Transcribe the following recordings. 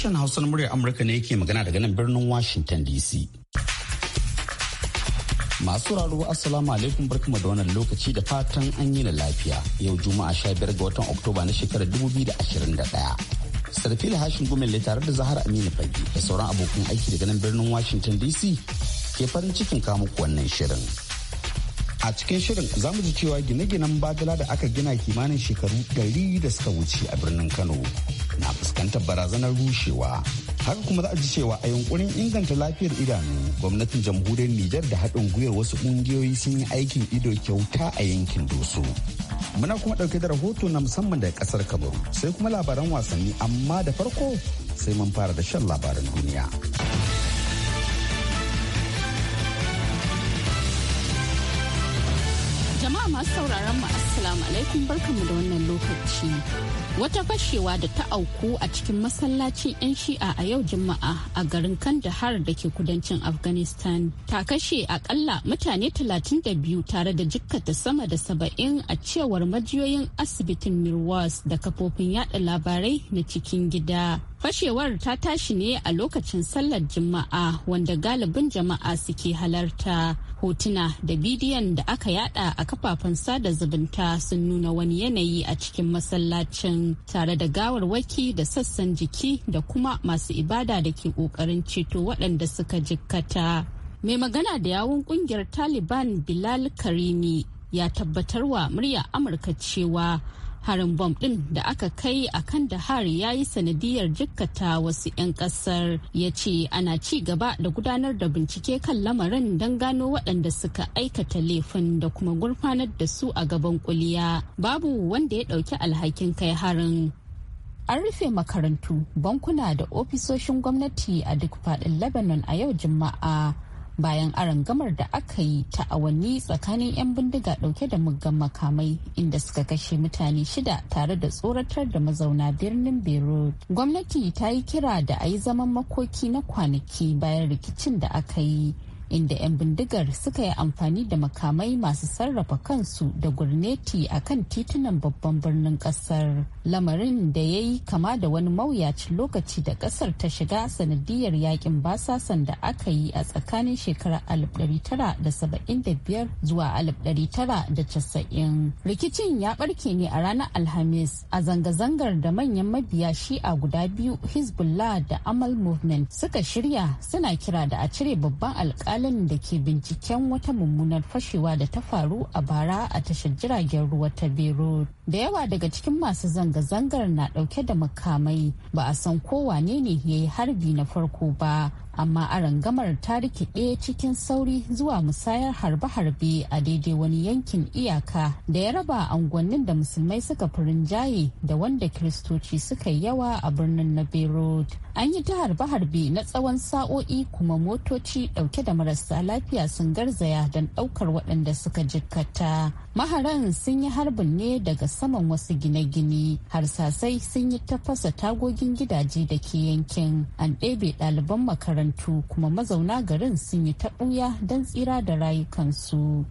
Sashen Hausa na muryar Amurka ne yake magana daga nan birnin Washington DC. Masu raro Assalamu alaikum barkama da wannan lokaci da fatan an yi na lafiya yau Juma'a sha biyar ga watan Oktoba na shekarar dubu biyu da da ashirin ɗaya sarfila hashin gumelle tare da zahar aminu fage da sauran abokan aiki daga nan birnin washington dc ke farin cikin kamuku wannan shirin a cikin shirin za mu ji cewa gine-ginen badala da aka gina kimanin shekaru ɗari da suka wuce a birnin kano na fuskantar barazanar rushewa haka kuma za a ji cewa a yunkurin inganta lafiyar idanu gwamnatin jamhuriyar nijar da haɗin gwiwar wasu ƙungiyoyi sun yi aikin ido kyauta a yankin doso muna kuma ɗauke da rahoto na musamman daga ƙasar kamaru sai kuma labaran wasanni amma da farko sai mun fara da shan labaran duniya. Jama'a masu sauraron mu Assalamu alaikum barkanmu da wannan lokaci. Wata fashewa da ta auku a cikin masallacin 'yan shi'a a yau Juma'a a garin Kandahar da ke kudancin Afghanistan ta kashe akalla mutane 32 tare da jikkata sama da saba'in a cewar majiyoyin asibitin Mirwas da kafofin yada labarai na cikin gida. Fashewar ta tashi ne a lokacin sallar Juma'a wanda galibin jama'a suke halarta. Hotuna da bidiyon da aka yada a kafafen sada zumunta sun nuna wani yanayi a cikin masallacin tare da gawar waki da sassan jiki da kuma masu ibada da ke kokarin ceto waɗanda suka jikkata. Mai magana da yawun kungiyar Taliban Bilal Karimi ya tabbatarwa murya Amurka cewa harin bom ɗin da aka kai a kan da hari ya yi sanadiyar jikkata wasu 'yan kasar. ya ce ana ci gaba da gudanar da bincike kan lamarin don gano waɗanda suka aikata laifin da kuma gurfanar da su a gaban kuliya babu wanda ya ɗauki alhakin kai harin an rufe makarantu bankuna da ofisoshin gwamnati a duk faɗin lebanon a yau juma'a bayan arangamar da aka yi ta awanni tsakanin 'yan bindiga dauke da muggan makamai inda suka kashe mutane shida tare da tsoratar da mazauna birnin beirut gwamnati ta yi kira da a yi zaman makoki na kwanaki bayan rikicin da aka yi inda 'yan bindigar suka yi amfani da makamai masu sarrafa kansu da gurneti a kan titunan babban birnin kasar lamarin da ya yi kama da wani mawuyacin lokaci da kasar ta shiga sanadiyar yakin basasan da aka yi a tsakanin shekarar 1975 zuwa 1990 rikicin ya barke ne a ranar alhamis a zanga-zangar da manyan mabiya shi'a guda biyu hezbollah da amal movement suka shirya suna kira da a cire babban alkali alkalin da ke binciken wata mummunar fashewa da ta faru a bara a tashar jiragen ruwa ta beirut da yawa daga cikin masu zanga-zangar na dauke da makamai ba a san ko wane ne ya yi harbi na farko ba amma arangamar ta rikide cikin sauri zuwa musayar harbe-harbe a daidai wani yankin iyaka da ya raba angonnin da musulmai suka furin jaye da wanda kiristoci suka yawa a birnin na beirut an yi ta harbe-harbe na tsawon sa'o'i kuma motoci dauke da marasa lafiya sun garzaya don daukar waɗanda suka jikkata maharan sun yi harbin ne daga saman wasu gine-gine harsasai sun yi tafasa tagogin gidaje da ke yankin an ɗebe ɗaliban makarantar makarantu kuma mazauna garin sun yi taɓuya don tsira da rayukansu.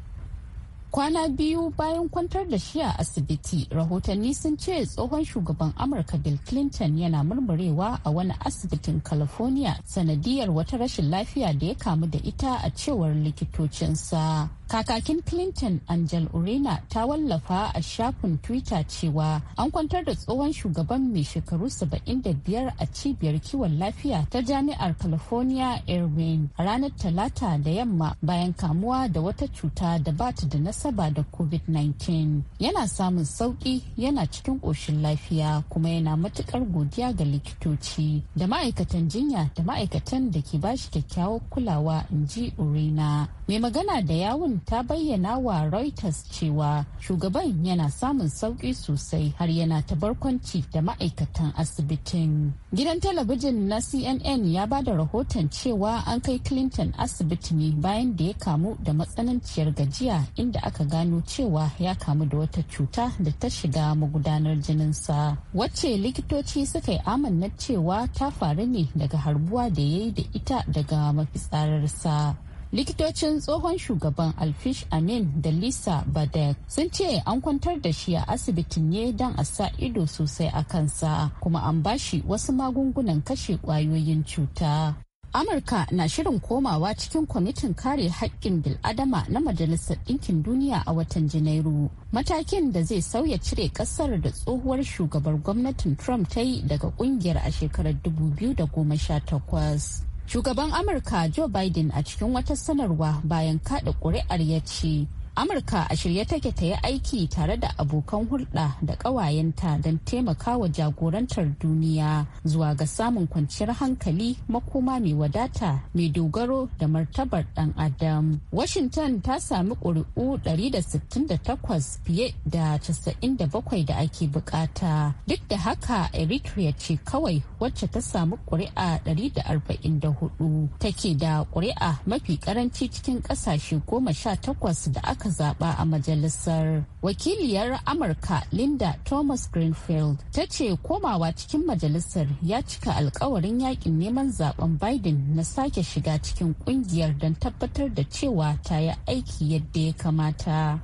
kwana biyu bayan kwantar da shi a asibiti rahotanni sun ce tsohon shugaban amurka bill clinton yana murmurewa a wani asibitin california sanadiyar wata rashin lafiya da ya kamu da ita a cewar likitocinsa Kakakin Clinton Angel Urena ta wallafa a shafin Twitter cewa an kwantar da tsohon shugaban mai shekaru 75 a cibiyar kiwon lafiya ta jami'ar California Irvine ranar Talata da yamma bayan kamuwa da wata cuta da ba ta da nasaba da COVID-19. Yana samun sauki yana cikin ƙoshin lafiya kuma yana matukar godiya ga likitoci da ma'aikatan jinya da ma'aikatan da ke bashi kyakkyawar kulawa in ji Urena. mai magana da yawun ta bayyana wa reuters cewa shugaban yana samun sauki sosai har yana ta barkwanci da ma'aikatan asibitin gidan talabijin na cnn ya ba da rahoton cewa an kai clinton asibiti ne bayan da ya kamu da matsananciyar gajiya inda aka gano cewa ya kamu da wata cuta da ta shiga magudanar jininsa wacce likitoci suka yi amanna cewa ta faru ne daga harbuwa da ya yi da ita daga mafitsararsa likitocin tsohon shugaban alfish amin da lisa badek sun ce an kwantar da shi a asibitin ne don a sa ido sosai a kansa kuma an bashi wasu magungunan kashe kwayoyin cuta amurka na shirin komawa cikin kwamitin kare haƙƙin bil'adama na majalisar ɗinkin duniya a watan janairu matakin da zai sauya cire ƙasar da tsohuwar shugabar gwamnatin trump ta yi daga ƙungiyar a shekarar 2018 Shugaban Amurka Joe Biden a cikin wata sanarwa bayan kada ƙuri'ar ya ce amurka a shirye take ta yi aiki tare da abokan hulɗa da ƙawayenta don taimakawa jagorantar duniya zuwa ga samun kwanciyar hankali makoma mai wadata mai dogaro da martabar ɗan adam washington ta sami ƙuri'u 168 fiye da 97 da ake bukata duk da haka eritrea ce kawai wacce ta samu ƙuri'a 144 take da ƙuri'a mafi ƙaranci cikin ƙasashe goma sha takwas da aka aka zaba a majalisar. Wakiliyar Amurka Linda Thomas Greenfield ta ce komawa cikin majalisar ya cika alkawarin yakin neman zaben Biden na sake shiga cikin kungiyar don tabbatar da cewa ta yi aiki yadda ya kamata.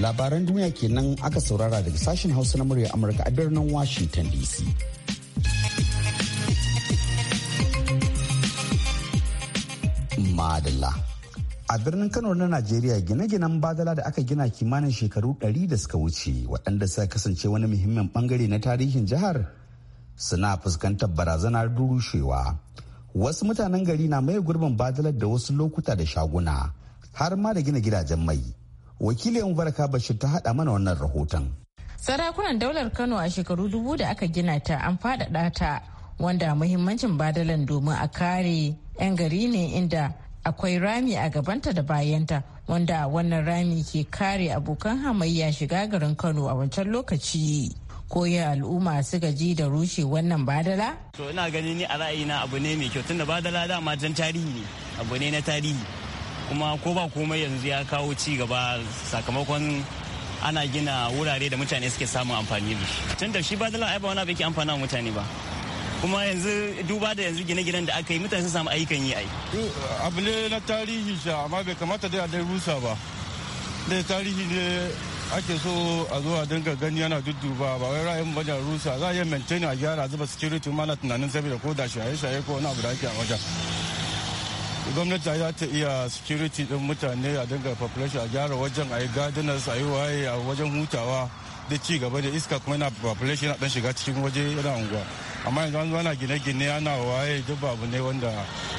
Labaran duniya kenan aka saurara daga sashen Hausa na murya Amurka a birnin Washington DC. Madala. a birnin kano na najeriya gine-ginen badala da aka gina kimanin shekaru 100 da suka wuce waɗanda suka kasance wani muhimmin bangare na tarihin jihar suna fuskantar barazanar durushewa wasu mutanen gari na maye gurbin badalar da wasu lokuta da shaguna har ma da gina gidajen mai wakilin barka bashir ta haɗa mana wannan rahoton sarakunan daular kano a shekaru dubu da aka gina ta an faɗaɗa ta wanda muhimmancin badalan domin a kare 'yan gari ne inda akwai rami a gabanta da bayanta wanda wannan rami ke kare abokan hamayya shiga garin kano a wancan lokaci koya al'umma su gaji da rushe wannan badala? to ina gani ni a ra'ayina abu ne mai kyau tunda badala dama jan tarihi ne abu ne na tarihi kuma ko ba komai yanzu ya kawo ci gaba sakamakon ana gina wurare da mutane suke samun amfani da shi tunda shi badala ai ba wani abu yake amfana mutane ba kuma yanzu duba da yanzu gine-ginen da aka yi mutane sun samu ayyukan yi ai abu ne na tarihi sha amma bai kamata dai a dai rusa ba da tarihi ne ake so a zo a dinga gani yana dudduba ba wai ra'ayin wajen rusa za a yi maintain a gyara zuba security ma na tunanin saboda ko da shaye-shaye ko wani abu da ake a wajen gwamnati za ta iya security din mutane a dinga population a gyara wajen a yi gardeners a yi waye a wajen hutawa da ci gaba da iska kuma yana population na dan shiga cikin waje yana unguwa amma yanzu an zo ana gine-gine ana waye duk abu ne wanda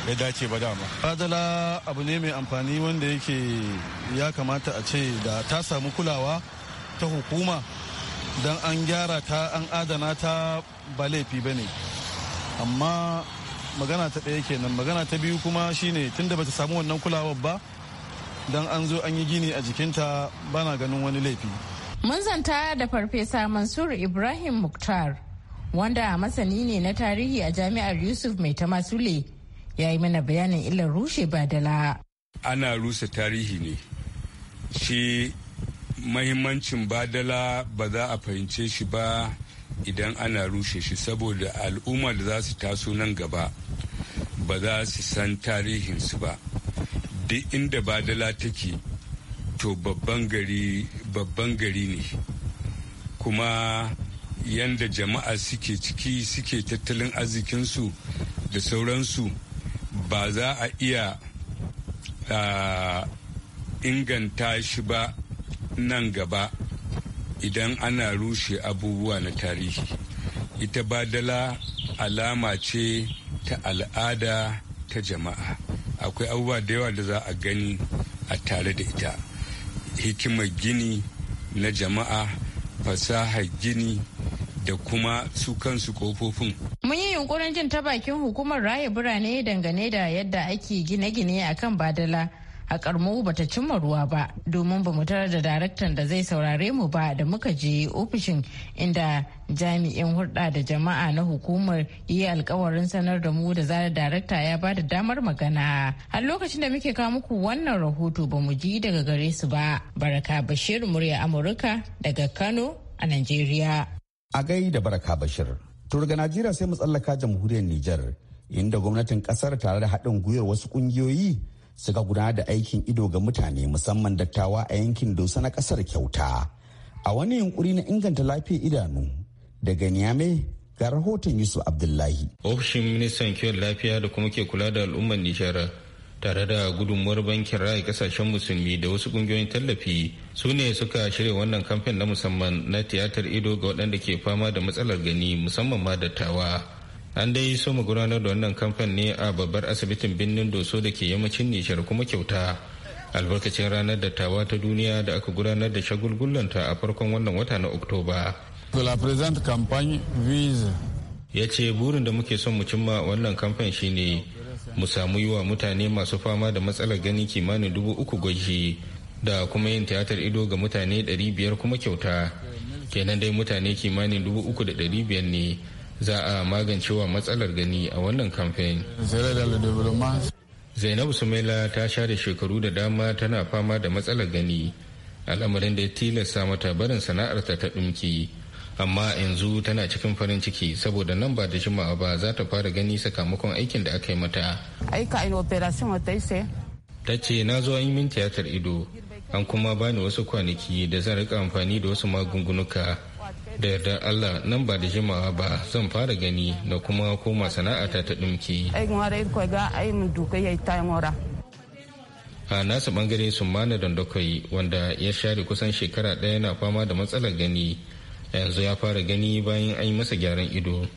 ya dace ba dama Fadala abu ne mai amfani wanda yake ya kamata a ce da ta samu kulawa ta hukuma don an gyara ta an adana ta ba laifi ba ne amma magana ta ɗaya kenan magana ta biyu kuma shine tunda bata samu wannan kulawar ba don an zo an yi gini a jikinta bana ganin wani laifi mun zanta da farfesa mansur ibrahim muktar wanda masani ne na tarihi a jami'ar yusuf mai ta masule ya yi mana bayanin illar rushe badala ana rusa tarihi ne shi mahimmancin badala ba za a fahimce shi ba idan ana rushe shi saboda al'umma da za su taso nan gaba ba za su san tarihinsu ba duk inda badala take to babban gari ne kuma yanda jama'a suke ciki suke tattalin arzikinsu da sauransu ba za a iya inganta shi ba nan gaba idan ana rushe abubuwa na tarihi ita badala alama ce ta al'ada ta jama'a akwai abubuwa da yawa da za a gani a tare da ita hikimar gini na jama'a fasahar gini da kuma su kansu kofofin. Mun yi yunkurin jin ta bakin hukumar raya birane dangane da yadda ake gine-gine a kan badala. A karmu bata cimma ruwa ba domin ba mu tarar da daraktan da zai saurare mu ba da muka je ofishin inda jami'in hulɗa da jama'a na hukumar yi alkawarin sanar da mu da zarar darakta ya ba da damar magana a lokacin da muke kawo muku wannan rahoto ba mu ji daga gare su ba baraka bashir murya amurka daga kano a najeriya a gai da baraka bashir to daga najeriya sai mu tsallaka jamhuriyar niger inda gwamnatin kasar tare da haɗin gwiwar wasu ƙungiyoyi suka gudanar da aikin ido ga mutane musamman dattawa a yankin dosa na kasar kyauta a wani yunkuri na inganta lafiyar idanu daga niamey ga rahoton yusuf abdullahi ofishin ministan kiwon lafiya da kuma ke kula da al'ummar nijar tare da gudunmuwar bankin raya kasashen musulmi da wasu kungiyoyin tallafi su ne suka shirya wannan kamfen na musamman na tiyatar ido ga waɗanda ke fama da matsalar gani musamman ma dattawa an dai so mu gudanar da wannan kamfen ne a babbar asibitin birnin doso da ke yammacin nishar kuma kyauta albarkacin ranar dattawa ta duniya da aka gudanar da shagulgullanta a farkon wannan wata na oktoba ya ce burin da muke son mu cimma wannan kamfen shine mu samu yi wa mutane masu fama da matsalar gani kimanin dubu uku gwaji da kuma yin tiyatar ido ga mutane ɗari biyar kuma kyauta kenan dai mutane kimanin dubu uku da ɗari biyar ne za a magancewa matsalar gani a wannan kamfen. zainabu sumaila ta share shekaru da dama tana fama da matsalar gani al'amarin da ya tilasta mata barin sana'arta ta ɗumki. amma yanzu tana cikin farin ciki saboda nan ba da jimawa ba za ta fara gani sakamakon aikin da aka yi mata aika in operation wata ise ta ce na zo an yi min tiyatar ido an kuma bani wasu kwanaki da zan rika amfani da wasu magungunuka da yardar allah nan ba da jimawa ba zan fara gani da kuma koma sana'ata ta dumke. a nasa bangare sun mana dandakwai wanda ya share kusan shekara ɗaya na fama da matsalar gani yanzu ya fara gani bayan an yi masa gyaran ido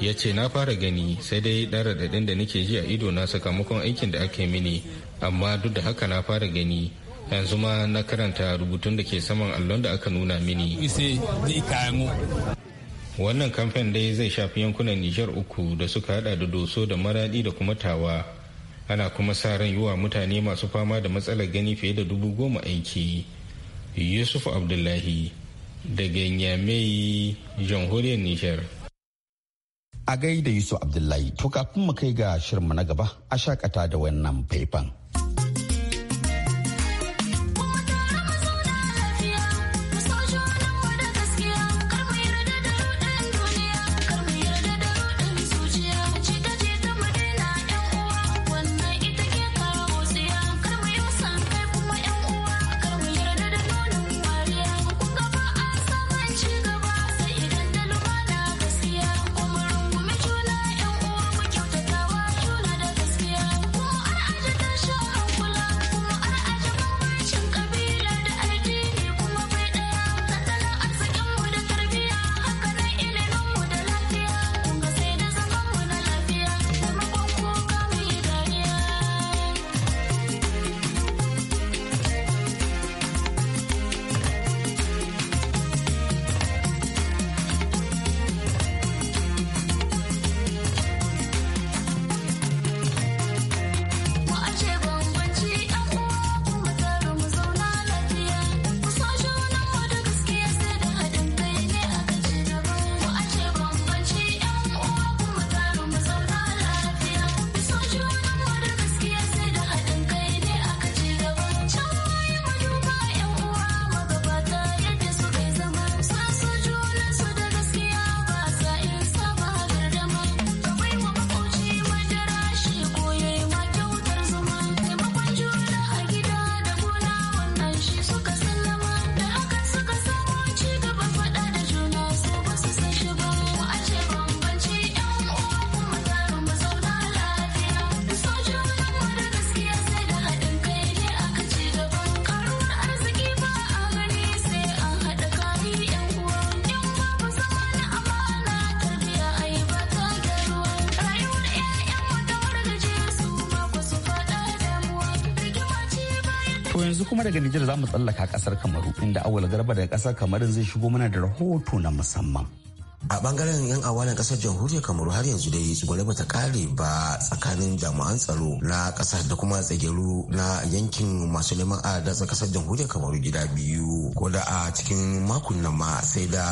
ya ce na fara gani sai dai ɗan raɗaɗin da nake ji a ido na sakamakon aikin da aka yi mini amma duk da haka na fara gani yanzu ma na karanta rubutun da ke saman allon da aka nuna mini wannan kamfen dai zai shafi yankunan nijar uku da suka hada da doso da maradi da kuma tawa ana kuma sa ran yi wa mutane masu fama da matsalar gani fiye da dubu goma aiki yusuf abdullahi daga nyamai jamhuriyar nijar a gaida yusuf abdullahi to kafin mu kai ga shirma na gaba a shakata da wannan faifan. yanzu kuma daga Nijar za mu tsallaka kasar Kamaru inda awal garba daga kasar kamaru zai shigo mana da rahoto na musamman. a bangaren yan awalin kasar jamhuriyar kamaru har yanzu dai tsugwale bata kare ba tsakanin jami'an tsaro na kasar da kuma tsageru na yankin masu neman adadin kasar jamhuriyar kamaru gida biyu ko da a cikin makon nan ma sai da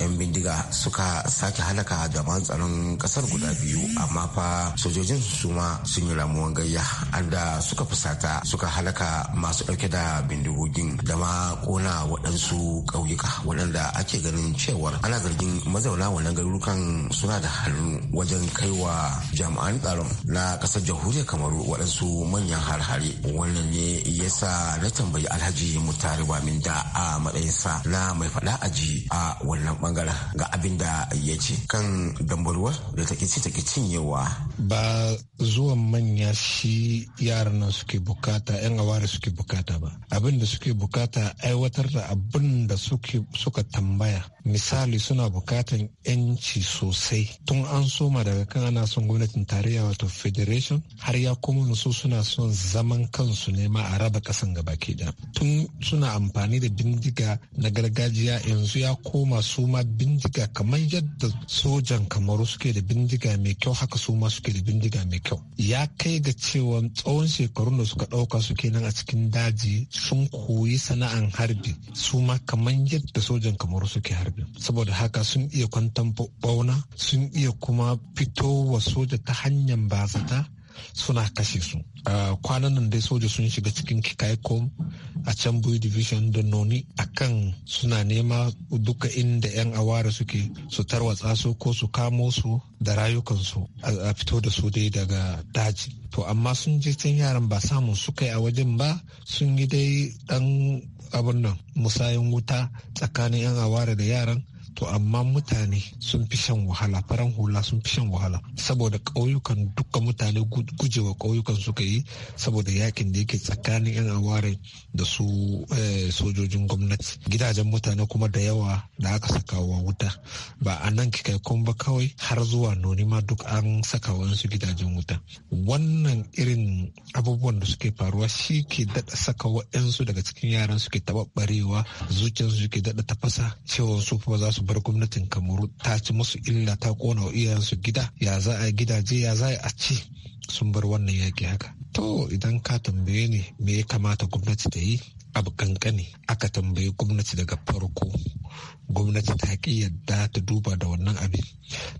yan bindiga suka sake halaka jami'an tsaron kasar guda biyu amma fa sojojin su ma sun yi ramuwan gayya anda suka fusata suka halaka masu dauke da bindigogin da ma kona waɗansu ƙauyuka waɗanda ake ganin cewar ana zargin maza. tattauna wannan garurukan suna da hannu wajen kaiwa jami'an tsaron na kasar jamhuriyar kamaru waɗansu manyan harhare wannan ne ya sa na tambayi alhaji mutari da a matsayinsa na mai faɗa aji a wannan bangaren ga abin da ya ce kan dambarwa da ta ci take cinyewa ba zuwan manya shi yaran nan suke bukata yan awara suke bukata ba abin da suke bukata aiwatar da abin da suka tambaya misali suna bukatan samun 'yanci sosai tun an soma daga kan ana son gwamnatin tarayya wato federation har ya koma su suna son zaman kansu ne ma a raba kasan gabaki da tun suna amfani da bindiga na gargajiya yanzu ya koma su ma bindiga kamar yadda sojan kamar suke da bindiga mai kyau haka su ma suke da bindiga mai kyau ya kai ga cewa tsawon shekarun da suka ɗauka suke nan a cikin daji sun koyi sana'an harbi su ma kamar yadda sojan kamar suke harbi saboda haka sun iya kwantan bauna sun iya kuma fito wa soja ta hanyar bazata suna kashe su kwanan nan dai soja sun shiga cikin kikaikom a can boy division da noni akan suna nema duka inda 'yan awara suke su tarwatsa su ko su kamo su da rayukansu a fito da su dai daga daji to amma sun je can yaran ba samun suka yi a wajen ba sun yi dai dan abin nan musayin wuta tsakanin 'yan awara da yaran to amma mutane sun fi shan wahala faran hula sun fi shan wahala saboda ƙauyukan dukkan mutane gujewa ƙauyukan suka yi saboda yakin da yake tsakanin yan aware da su eh, sojojin gwamnati gidajen mutane kuma da yawa da aka saka wa wuta ba a nan kai ba kawai har zuwa noni ma duk an saka wasu gidajen wuta wannan irin abubuwan da suke faruwa shi ke daɗa saka waɗansu daga cikin yaran suke taɓaɓɓarewa zuciyarsu suke daɗa tafasa cewa su ba za su bar gwamnatin kamaru ta ci musu illa ta kona iyayensu gida ya za a gidaje ya za a ci sun bar wannan yaki haka to idan ka tambaye ni me ya kamata gwamnati ta yi abu kankani aka tambayi gwamnati daga farko gwamnati ta ki yadda ta duba da wannan abin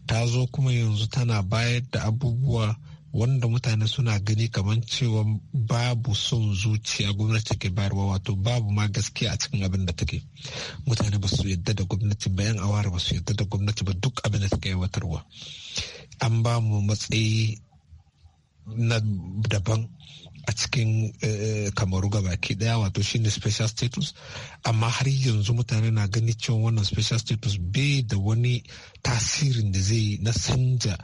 ta zo kuma yanzu tana bayar da abubuwa wanda mutane suna gani kamar cewa babu son zuciya gwamnati ke bayarwa wato babu ma gaskiya a cikin abin da take mutane ba su yadda da gwamnati bayan awara ba su yadda da gwamnati ba duk abin da take aiwatarwa an ba mu matsayi na daban a cikin eh, kamaru ga baki daya wato shine special status amma har yanzu mutane na gani cewa wannan special status bai da wani tasirin da zai na sanja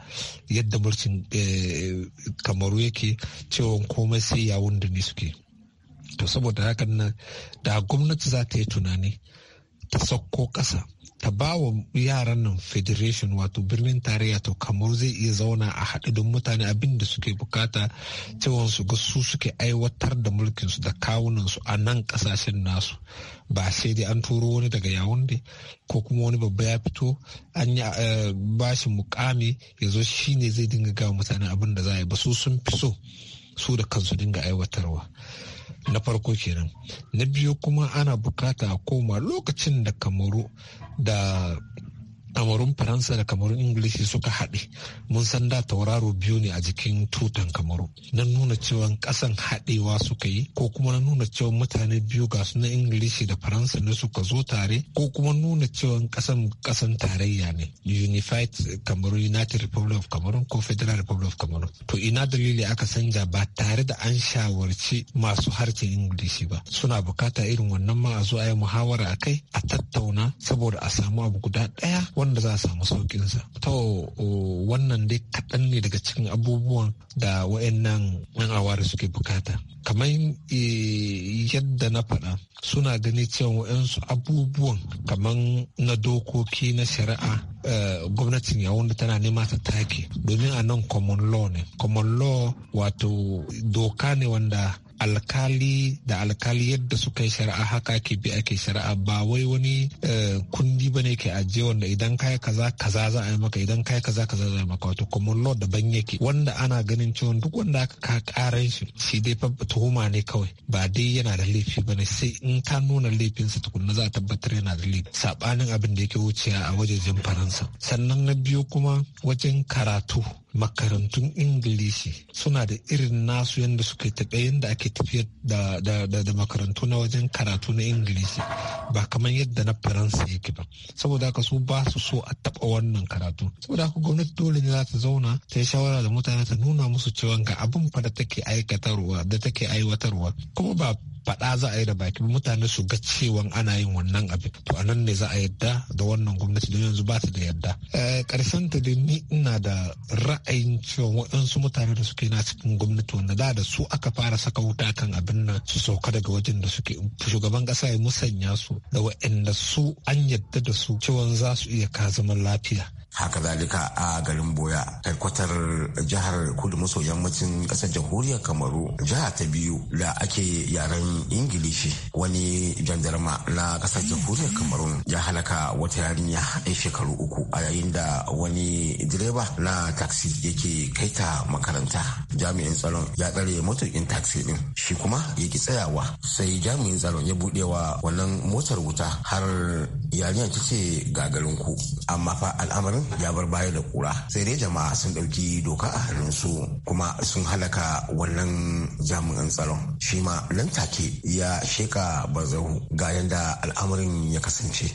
yadda mulkin eh, kamaru yake cewa komai sai ya wanda ne suke to saboda hakan nan da gwamnati za ta yi tunani ta sauko kasa. ta ba wa yaran nan federation wato birnin tarayya to kamar zai iya zauna a haɗu don mutane abin da suke bukata cewa su ga su suke aiwatar da mulkinsu da kawunansu a nan ƙasashen nasu ba sai dai an turo wani daga yawunde ko kuma wani babba ya fito an yi eh, bashi mukami ya zo shi ne zai dinga gawa mutane abin da za a yi ba su sun fi so su da kansu dinga aiwatarwa. na farko kenan na biyu kuma ana bukata a koma lokacin da kamaru da kamarun faransa da kamarun ingilishi suka haɗe mun san da tauraro biyu ne a jikin tutan kamaru na nuna cewa ƙasan haɗewa suka yi ko kuma na nuna cewa mutane biyu ga na ingilishi da faransa ne suka zo tare ko kuma nuna cewa ƙasan ƙasan tarayya ne unified kamaru united republic of cameroon ko federal republic of cameroon to ina dalili aka canja ba tare da an shawarci masu harshen ingilishi ba suna bukata irin wannan ma a zo a yi muhawara a kai a tattauna saboda a samu abu guda ɗaya wanda za a samu sauƙinsa. To wannan dai kaɗan ne daga cikin abubuwan da wa'annan yan aware suke bukata. Kamar e, yadda na faɗa suna gani cewa wa'ansu abubuwan kamar na dokoki na shari'a e, gwamnatin ya wanda tana nema ta take domin a nan common law ne. Common law wato doka ne wanda alkali da alkali yadda suka yi shari'a haka ake bi ake shari'a ba wai wani eh, kundi ba ne ke ajiye wanda idan kai kaza kaza za a yi maka idan kai kaza kaza za a yi maka wato common law daban yake wanda ana ganin cewa duk wanda aka ka karan shi shi dai fa tuhuma ne kawai ba dai yana da laifi ba ne sai in ka nuna laifinsa tukunna za a tabbatar yana da laifi sabanin abin da yake wucewa a wajejen faransa sannan na biyu kuma wajen karatu makarantun ingilishi suna da irin nasu yadda suka taɓa yadda ake tafiyar da, makarantu na wajen karatu na ingilishi ba kamar yadda na faransa yake ba saboda haka su ba su so a taɓa wannan karatu saboda haka gwamnati dole ne za ta zauna ta yi shawara da mutane ta nuna musu cewa ga abin fa da take aikatarwa da take aiwatarwa kuma ba faɗa za a yi da baki mutane su ga cewa ana yin wannan abin to a nan ne za a yadda da wannan gwamnati don yanzu ba ta da yadda eh, ƙarshen ta dai ni ina da ra ra'ayin cewa waɗansu mutane da suke na cikin gwamnati wanda da da su aka fara saka wuta kan abin nan su sauka daga wajen da suke shugaban ƙasa ya musanya su da waɗanda su an yadda da su cewa za su iya ka zaman lafiya haka zalika a garin boya kwatar jihar kudu maso yammacin kasar jamhuriyar kamaru jiha ta biyu da ake yaren ingilishi wani jandarma na kasar jamhuriyar kamaru ya halaka wata yarinya yan shekaru uku a yayin da wani direba na taksi yake ta makaranta jami'in tsaron ya tsare matukin taksi din shi kuma ya ki tsayawa sai jami'in tsaron ya buɗe wa wannan motar wuta har yarinya ta ce gagarinku amma fa al'amarin ya bar baya da kura sai dai jama'a sun ɗauki doka a hannunsu kuma sun halaka wannan jami'an tsaron shi ma nan take ya sheka bazahu ga yanda al'amarin ya kasance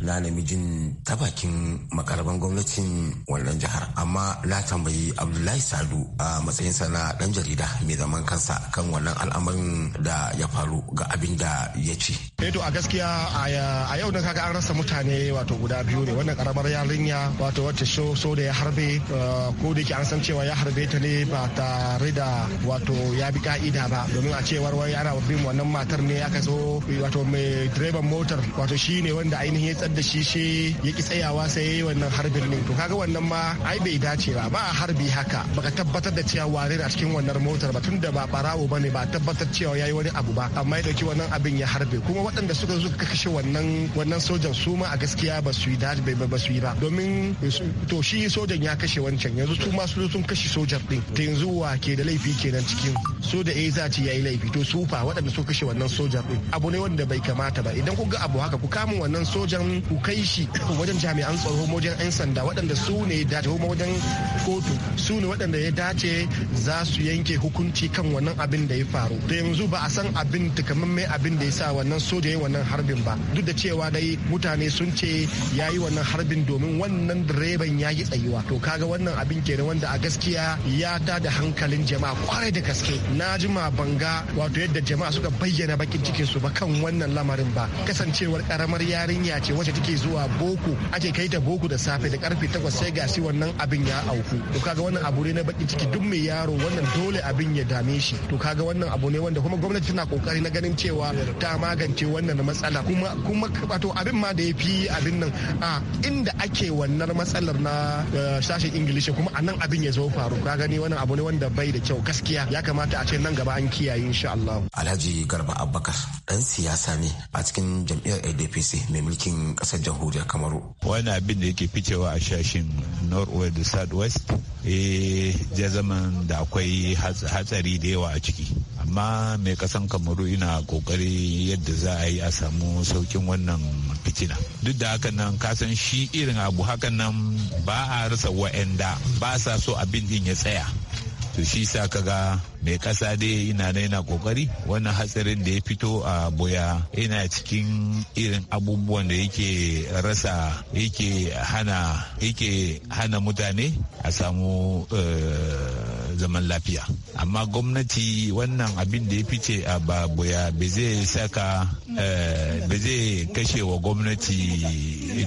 na namijin ta bakin makaraban gwamnatin wannan jihar amma na tambayi abdullahi sadu a matsayinsa na dan jarida mai zaman kansa kan wannan al'amarin da ya faru ga abin da ya ce eh to a gaskiya a yau na kaga an rasa mutane wato guda biyu ne wannan karamar yarinya wato wacce so da ya harbe eh, ko da ke an san cewa ya harbe ta ne ba tare da wato ya bi ka'ida ba domin a cewar wai ana bin wannan matar ne aka zo wato mai direban motar wato shi ne wanda ainihin ya tsar da shi shi ya ki tsayawa sai ya yi wannan harbin ne to kaga wannan ma ai bai dace ba ba a harbi haka baka tabbatar da cewa ware a cikin wannan motar ba tunda ba barawo bane ba tabbatar cewa ya yi wani abu ba amma ya dauki wannan abin ya harbe kuma waɗanda suka zo kashe wannan wannan sojan su ma a gaskiya ba su yi dace ba su yi ba domin to shi sojan ya kashe wancan yanzu su ma su sun kashe sojan din ta yanzu wa ke da laifi kenan cikin so da eh za ci yayi laifi to su fa waɗanda suka kashe wannan sojan din abu ne wanda bai kamata ba idan ku ga abu haka ku kama wannan sojan ku kai shi wajen jami'an tsaro wajen 'yan sanda waɗanda su ne dace wajen kotu su ne waɗanda ya dace za su yanke hukunci kan wannan abin da ya faru da yanzu ba a san abin takamaimai abin da ya sa wannan soja ya wannan harbin ba duk da cewa dai mutane sun ce ya yi wannan harbin domin wannan direban ya yi tsayuwa to kaga wannan abin kenan wanda a gaskiya ya ta da hankalin jama'a kwarai da gaske na jima banga wato yadda jama'a suka bayyana bakin cikinsu ba kan wannan lamarin ba kasancewar karamar yarinya ce wacce take zuwa boko uku ake kai ta boko da safe da karfe takwas sai ga shi wannan abin ya auku to kaga wannan abu ne na bakin ciki duk mai yaro wannan dole abin ya dame shi to kaga wannan abu ne wanda kuma gwamnati tana kokari na ganin cewa ta magance wannan matsala kuma kuma wato abin ma da ya abin nan a inda ake wannan matsalar na eh, sashen ingilishi kuma anan abin ya zo faru ka gani wannan abu ne wanda bai da kyau gaskiya ya kamata a ce nan gaba an kiyaye insha Allah Alhaji Garba Abubakar dan siyasa ne a cikin jam'iyyar ADPC mai mulkin kasar jamhuriyar Kamaru wani abin da yake ficewa a shashin northwest da southwest west. Eh, ya zama da akwai hatsari da yawa a ciki amma mai kasan kamaru ina kokari yadda za a yi a samu saukin wannan fitina duk da hakan nan kasan shi irin abu hakan nan ba a rasa wa'anda ba sa so abin din ya tsaya to shi sa ga mai kasa dai ina na yana kokari wannan hatsarin da ya fito a boya yana cikin irin abubuwan da yake rasa yake hana yake hana mutane a samu eh, zaman lafiya amma gwamnati wannan abin da ya fice a babuya ba zai saka eh, ba zai kashe wa gwamnati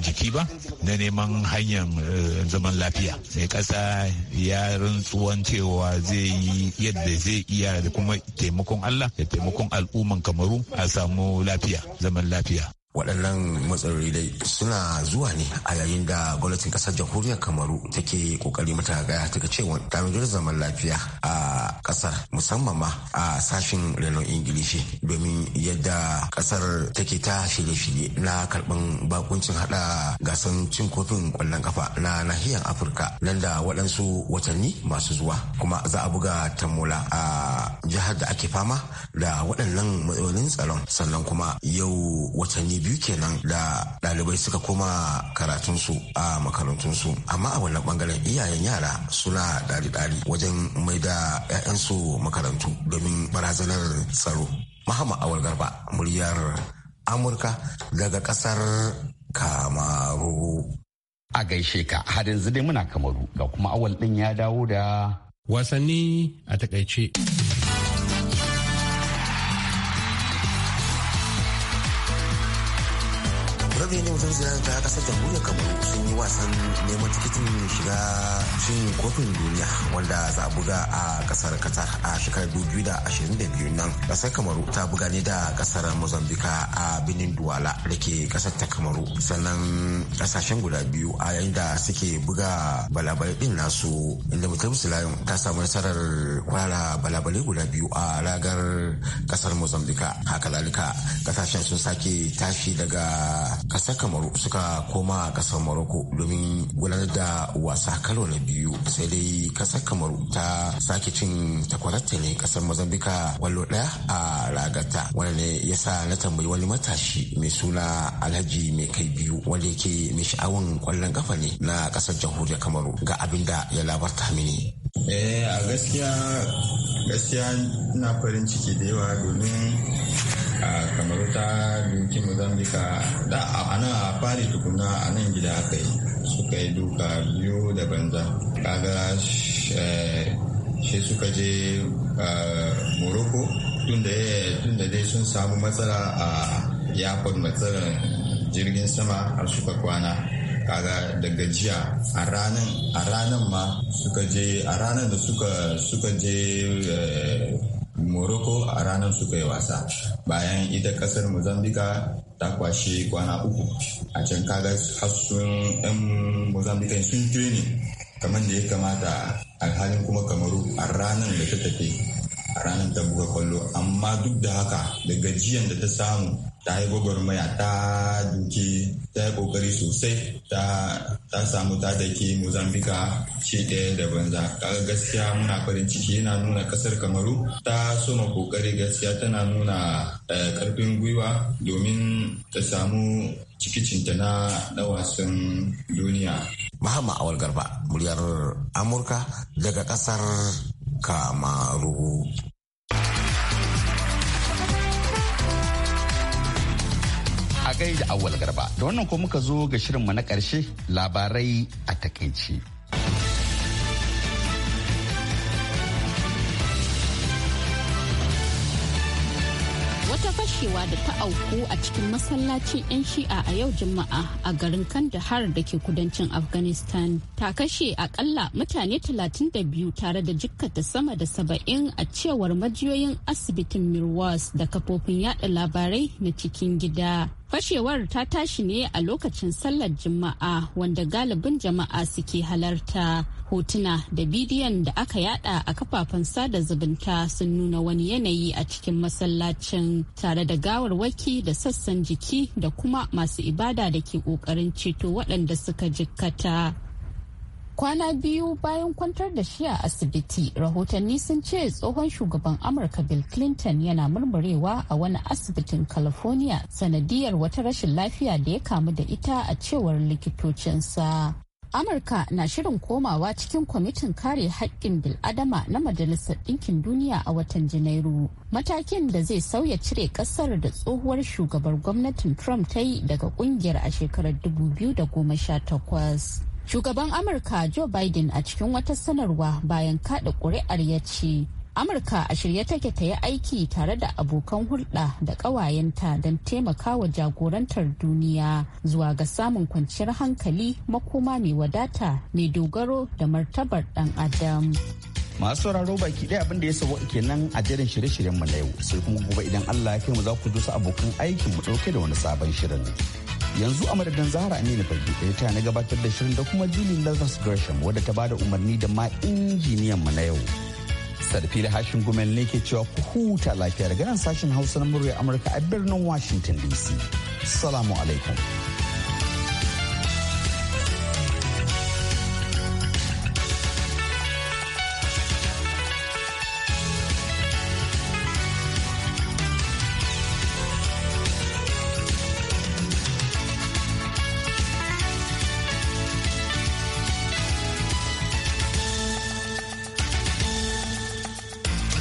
jiki ba na neman hanyar eh, zaman lafiya mai kasa ya rantsuwan cewa zai yi yadda zai iya da kuma taimakon allah da taimakon al'umman kamaru a samu lafiya zaman lafiya waɗannan matsaloli dai suna zuwa ne a yayin da gwamnatin ƙasar jamhuriyar kamaru take ƙoƙari mata gaya ta cewa ta zaman lafiya a ƙasar musamman ma a sashen renon ingilishi domin yadda ƙasar take ta shirye-shirye na karɓan bakuncin haɗa gasan cin kofin ƙwallon kafa na nahiyar afirka nan da waɗansu watanni masu zuwa kuma za a buga tamola a jihar da ake fama da waɗannan matsalolin tsaron sannan kuma yau watanni biyu kenan da ɗalibai suka koma karatunsu a makarantunsu amma a wannan bangaren iyayen yara suna ɗari-ɗari wajen mai da 'ya'yansu makarantu domin barazanar tsaro Muhammad Awal Garba muryar Amurka daga ƙasar Kamaru. A gaishe ka har yanzu muna Kamaru ga kuma awal ɗin ya dawo da wasanni a takaice. benin ziyarar da kasar jamhuriyar kamaru sun yi wasan neman tikitin shiga cin kofin duniya wanda za a buga a kasar qatar a shekarar 2022 nan kasar kamaru ta buga ne da kasar mozambika a binin duwala da ke kasar ta kamaru sannan kasashen guda biyu a yayin da suke buga balabalai din nasu inda mutum sulayon ta samu nasarar kwara balabalai guda biyu a ragar kasar mozambika haka lalika kasashen sun sake tashi daga kasar Kasar kamaru suka koma ƙasar maroko domin gudanar da wasa karo na biyu sai dai ƙasar kamaru ta sake cin takwararta ne ƙasar mozambika wallo ɗaya a ragata wanda ne ya sa na tambayi wani matashi mai suna alhaji mai kai biyu wanda yake mai sha'awan kwallon kafa ne na ƙasar jamhuriyar kamaru ga abin da ya labarta mini. eh a gaskiya gaskiya na farin ciki da yawa domin kamar ta doki mozambika da a nan a fari tukuna a nan gida aka yi suka yi duka biyu da banza kaga eh, shi suka je eh, morocco tun da dai sun samu matsala a yakon matsalar jirgin sama har suka kwana kaga da gajiya a ranan a ranan ma suka je a ranan da suka suka je eh, morocco a ranar suka yi wasa bayan ita kasar mozambika ta kwashe kwana uku a can kaga hasun yan mozambika sun ne kamar da ya kamata alhalin kuma kamaru a ranar da ta tafi a ranar ta buga kwallo amma duk da haka da gajiyan da ta samu ta yi gwagwarmaya ta duke ta yi kokari sosai ta samu ta dake mozambika ce ɗaya da banza kaga gaskiya muna farin ciki yana nuna kasar kamaru ta soma kokari gaskiya tana nuna karfin eh, gwiwa domin ta samu cikicinta na na duniya Mahama Awal Garba, muryar Amurka daga kasar Kamaru. a gai da awal garba da wannan ko muka zo ga shirinmu na karshe labarai a takaici wata fashewa da ta auku a cikin masallacin 'yan shi'a a yau juma'a a garin kandahar da ke kudancin afghanistan ta kashe akalla mutane 32 tare da jikkata sama da 70 a cewar majiyoyin asibitin mirwas da kafofin yada labarai na cikin gida Fashewar ta tashi ne a lokacin sallar Juma'a wanda galibin jama'a suke halarta. Hotuna da bidiyon da aka yada a kafafen sada zumunta sun nuna wani yanayi a cikin masallacin tare da gawarwaki da sassan jiki da kuma masu ibada da ke kokarin ceto waɗanda suka jikkata. kwana biyu bayan kwantar da shi a asibiti rahotanni sun ce tsohon shugaban amurka bill clinton yana murmurewa a wani asibitin california sanadiyar wata rashin lafiya da ya kamu da ita a cewar likitocinsa amurka na shirin komawa cikin kwamitin kare haƙƙin bil'adama na majalisar ɗinkin duniya a watan janairu matakin da zai sauya cire ƙasar da tsohuwar shugabar gwamnatin trump ta yi daga ƙungiyar a shekarar 2018 Shugaban Amurka Joe Biden a cikin wata sanarwa bayan kada kuri'ar ya ce, Amurka a shirye take ta yi aiki tare da abokan hulɗa da ƙawayenta don taimakawa jagorantar duniya zuwa ga samun kwanciyar hankali makoma mai wadata mai dogaro da martabar ɗan adam. masu sauraro baki ɗaya abin da ya sabo nan a jerin shirye-shiryen mu na yau sai kuma gobe idan Allah ya kai mu za ku dusa abokan aikin mu ɗauke da wani sabon shirin. yanzu a madadin zahara aminu fage da ta na gabatar da shirin da kuma julie lazarus gresham wadda ta bada umarni da ma injiniyan mu na yau sarfi da hashin gumel ne ke cewa ku huta lafiya daga nan sashen hausa na murya amurka a birnin washington dc salamu alaikum